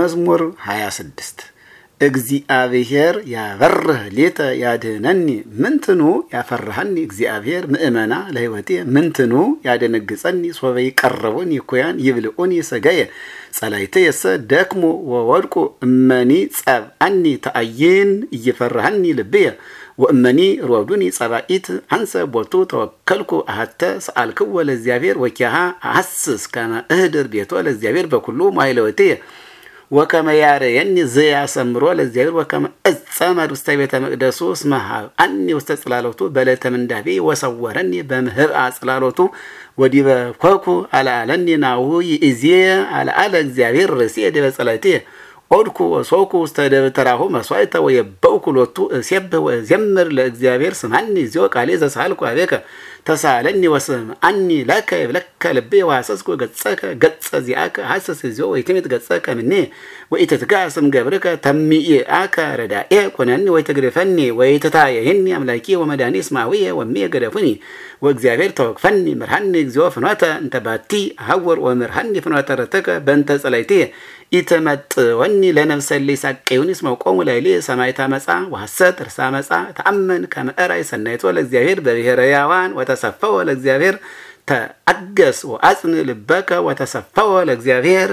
መዝሙር 26 እግዚአብሔር ያበርህ ሌተ ያድህነኒ ምንትኑ ያፈርሃኒ እግዚአብሔር ምእመና ለህይወቴ ምንትኑ ያደነግጸኒ ሶበ ይቀረቡኒ ኩያን ይብልዑኒ ሰጋየ የሰ ደክሞ ወወድቁ እመኒ ጸብአኒ ተአይን እይፈርሃኒ ልብየ ወእመኒ ሮዱኒ ጸባኢት አንሰ ቦቱ ተወከልኩ አሃተ ሰአልክዎ ለእግዚአብሔር ወኪያሃ አስስ ከመ እህድር ቤቶ ለእግዚአብሔር በኩሉ ማይለወቴየ ወከመ ያረየኒ ዘያሰምሮ ለእግዚአብሔር ወከመ እጸመድ ውስተ ቤተ መቅደሱ እስመ ሀብአኒ ውስተ ጽላሎቱ በለተ ምንዳቤ ወሰወረኒ በምህብአ ጽላሎቱ ወዲበ ኮኩ አልዓለኒ ናሁ ይእዜ አልዓለ እግዚአብሔር ርእሴ ዲበ ጸላእትየ ኦድኩ ወሶኩ ውስተ ደብተራሁ መስዋዕተ ወየበውኩ ሎቱ እሴብህ ወዘምር ለእግዚአብሔር ስማኒ ዚዮ ቃሌ ዘሳልኩ አቤከ ተሳለኒ አኒ ለከ ይብለከ ልቤ ዋሰስኩ ገጸከ ገጸ ዚአከ ሐሰስ ዚኦ ወይትሜት ገጸከ ምኔ ወኢትትጋስም ገብርከ ገብርከ አከ ረዳኤ ኮነኒ ወይትግርፈኒ የህኒ አምላኪ ወመዳኒ ስማዊየ ወሚየ ገደፉኒ ወእግዚአብሔር ተወክፈኒ ምርሃኒ እግዚኦ ፍኖተ እንተባቲ ባቲ ወምርሃኒ ፍኖተ ረተከ በእንተ ጸለይትየ ኢትመጥወኒ ለነፍሰ ለነብሰሊ ሳቀዩንስ መቆሙ ለሊ ሰማይ መጻ ወሐሰት እርሳ መጻ ተአመን ከመእራይ ሰናይቶ ለእግዚአብሔር በብሔረ ያዋን ወተሰፈወ ለእግዚአብሔር ተአገስ ወአጽን ልበከ ወተሰፈወ ለእግዚአብሔር